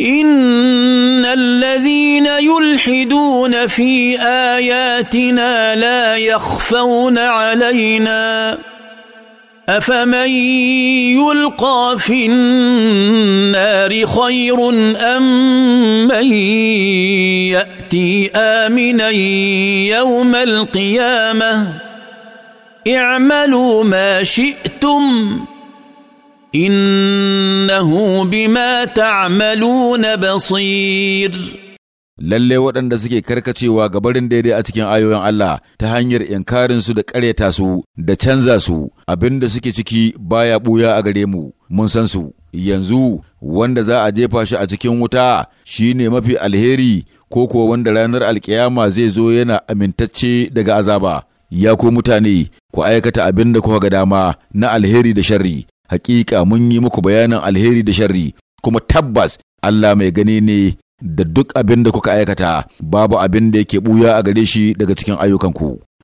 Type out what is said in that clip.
ان الذين يلحدون في اياتنا لا يخفون علينا افمن يلقى في النار خير ام من ياتي امنا يوم القيامه اعملوا ما شئتم إن إنه بما تعملون بصير lalle waɗanda suke karkacewa ga barin daidai a cikin ayoyin Allah ta hanyar inkarinsu da ƙaryata su da canza su abinda suke ciki baya ɓuya a gare mu mun san su yanzu wanda za a jefa shi a cikin wuta shine mafi alheri ko kuwa wanda ranar alkiyama zai zo yana amintacce daga azaba ya ku mutane ku aikata abin da kuka ga dama na alheri da sharri hakika mun yi muku bayanin alheri da sharri kuma tabbas Allah mai gani ne da duk abin da kuka aikata babu abin da yake buya a gare shi daga cikin ayyukanku